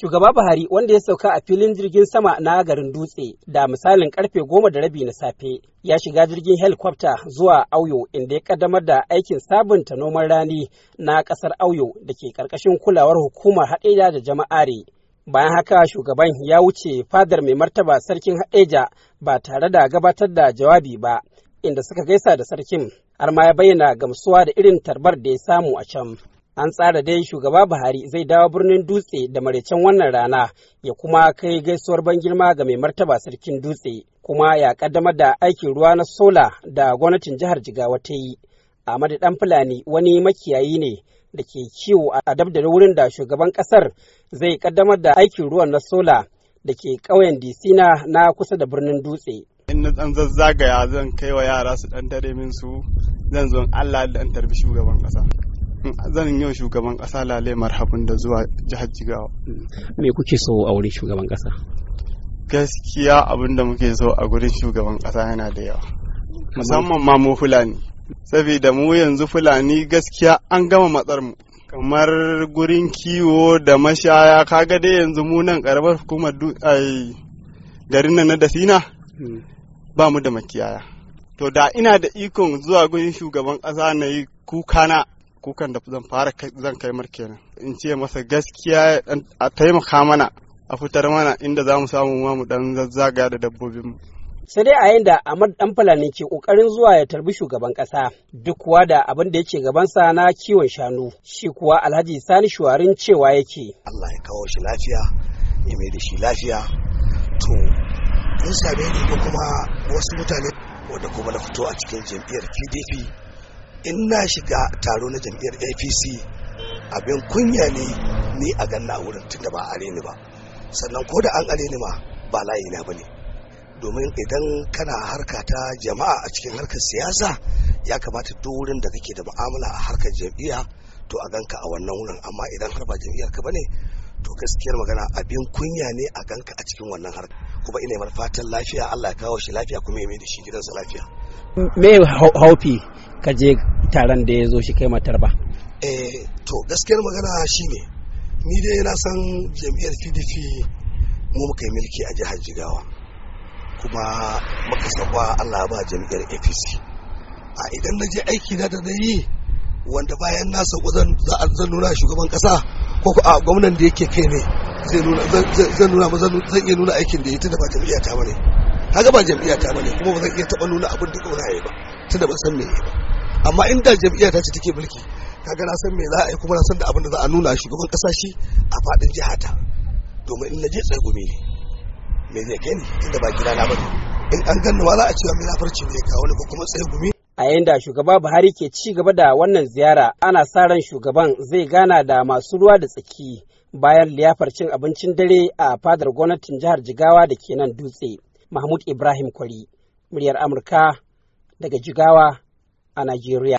Shugaba Buhari wanda ya sauka a filin jirgin sama na garin Dutse da misalin karfe goma da rabi na safe ya shiga jirgin helikwafta zuwa Auyo inda ya kaddamar da aikin sabunta noman rani na kasar Auyo da ke karkashin kulawar hukumar haɗeja da jama'are. Bayan haka shugaban ya wuce fadar mai martaba sarkin haɗeja ba tare da gabatar da jawabi ba inda suka gaisa da sarkin har ma ya bayyana gamsuwa da irin tarbar da ya samu a can. an tsara dai shugaba buhari zai dawo birnin dutse da maraicen wannan rana ya kuma kai gaisuwar ban girma ga mai martaba sarkin dutse kuma ya kaddamar da aikin ruwa na sola da gwamnatin jihar jigawa ta yi ahmadu dan fulani wani makiyayi ne da ke kiwo a dab wurin da shugaban kasar zai kaddamar da aikin ruwan na sola da ke ƙauyen disina na kusa da birnin dutse in na dan zazzagaya zan kai wa yara su dan tare min su zan zo allah dan tarbi shugaban kasa zan yau shugaban kasa lalai marhabin da zuwa jihar jigawa me kuke so a wurin shugaban kasa gaskiya abin da muke so a gurin shugaban kasa yana da yawa musamman ma mu fulani saboda mu yanzu fulani gaskiya an gama matsar mu kamar gurin kiwo da mashaya kaga dai yanzu mu nan karamar hukumar garin nan na dasina hmm. ba mu da makiyaya to da ina da ikon zuwa gurin shugaban kasa na yi kuka na. kukan da zan fara zan kai mar in ce masa gaskiya a taimaka mana a fitar mana inda za mu samu ma mu dan zazzaga da dabbobinmu sai dai a yayin da Ahmad Dan Fulani ke kokarin zuwa ya tarbi shugaban kasa duk kuwa da abin da yake gaban sa na kiwon shanu shi kuwa Alhaji Sani Shuwarin cewa yake Allah ya kawo shi lafiya ya mai da shi lafiya to in same ni ko kuma wasu mutane wanda kuma na fito a cikin jam'iyyar PDP in na shiga taro na jam'iyyar apc abin kunya ne ni a ganna a tun tunda ba a ni ba sannan ko da an are ni ma ba layi na ne. domin idan kana harka ta jama'a a cikin harkar siyasa ya kamata duk wurin da kake da ma'amala a harkar jam'iyya to a ganka a wannan wurin amma idan har ba jam'iyyar ka bane to gaskiyar magana abin kunya ne a ganka a cikin wannan harka kuma ina yi fatan lafiya Allah ya kawo shi lafiya kuma ya mai da shi gidansa lafiya me haufi ka je taron da ya zo shi kai matar ba eh to gaskiyar magana shine ni dai na san jam'iyyar pdp mu muka yi mulki a jihar jigawa kuma muka saba allah ba jam'iyyar apc a idan na je aiki na da na yi wanda bayan nasa zan zan nuna shugaban kasa ko a gwamnan da yake kai ne zan nuna zan zan iya nuna aikin da yi tunda ba jam'iyya ta bane haka ba jam'iyya ta bane kuma ba zan iya taba nuna abin da kauna ba tunda ban san me ba amma inda jam'iyyar ta ce take mulki kaga na san me za a yi kuma na san da abin da za a nuna shugaban kasa shi a fadin jihata domin in na je tsagumi ne me zai kai ni Inda ba gida na bane in an ganni wa za a cewa me farci ne kawo ni ko kuma tsagumi a yanda shugaba Buhari ke ci gaba da wannan ziyara ana sa ran shugaban zai gana da masu ruwa da tsaki bayan liyafar cin abincin dare a fadar gwamnatin jihar Jigawa da ke nan dutse Mahmud Ibrahim Kwari muryar Amurka daga Jigawa a Nigeria.